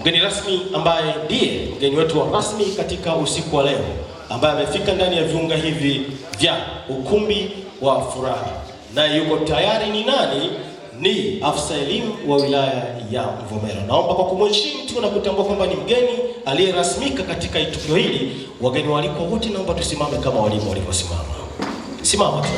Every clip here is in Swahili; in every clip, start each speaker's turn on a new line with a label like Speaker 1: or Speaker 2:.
Speaker 1: Mgeni rasmi ambaye ndiye mgeni wetu wa rasmi katika usiku wa leo, ambaye amefika ndani ya viunga hivi vya ukumbi wa furaha, naye yuko tayari. Ni nani? Ni afisa elimu wa wilaya ya Mvomero. Naomba kwa kumheshimu tu na kutambua kwamba ni mgeni aliyerasmika katika tukio hili. Wageni waliko wote, naomba tusimame kama walimu walivyosimama. Simama tu.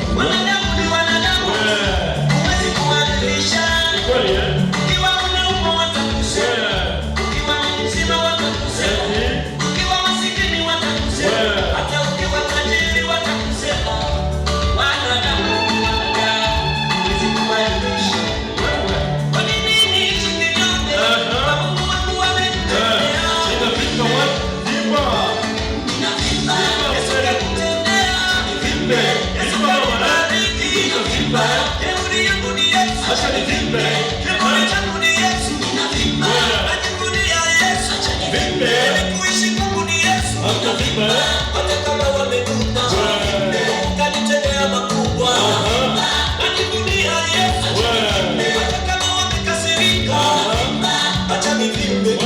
Speaker 2: kuishi kwangu ni Yesu, hata kama wamenuna, ukanitendea makubwa, najivunia Yesu, hata kama wamekasirika, acha nivimbe.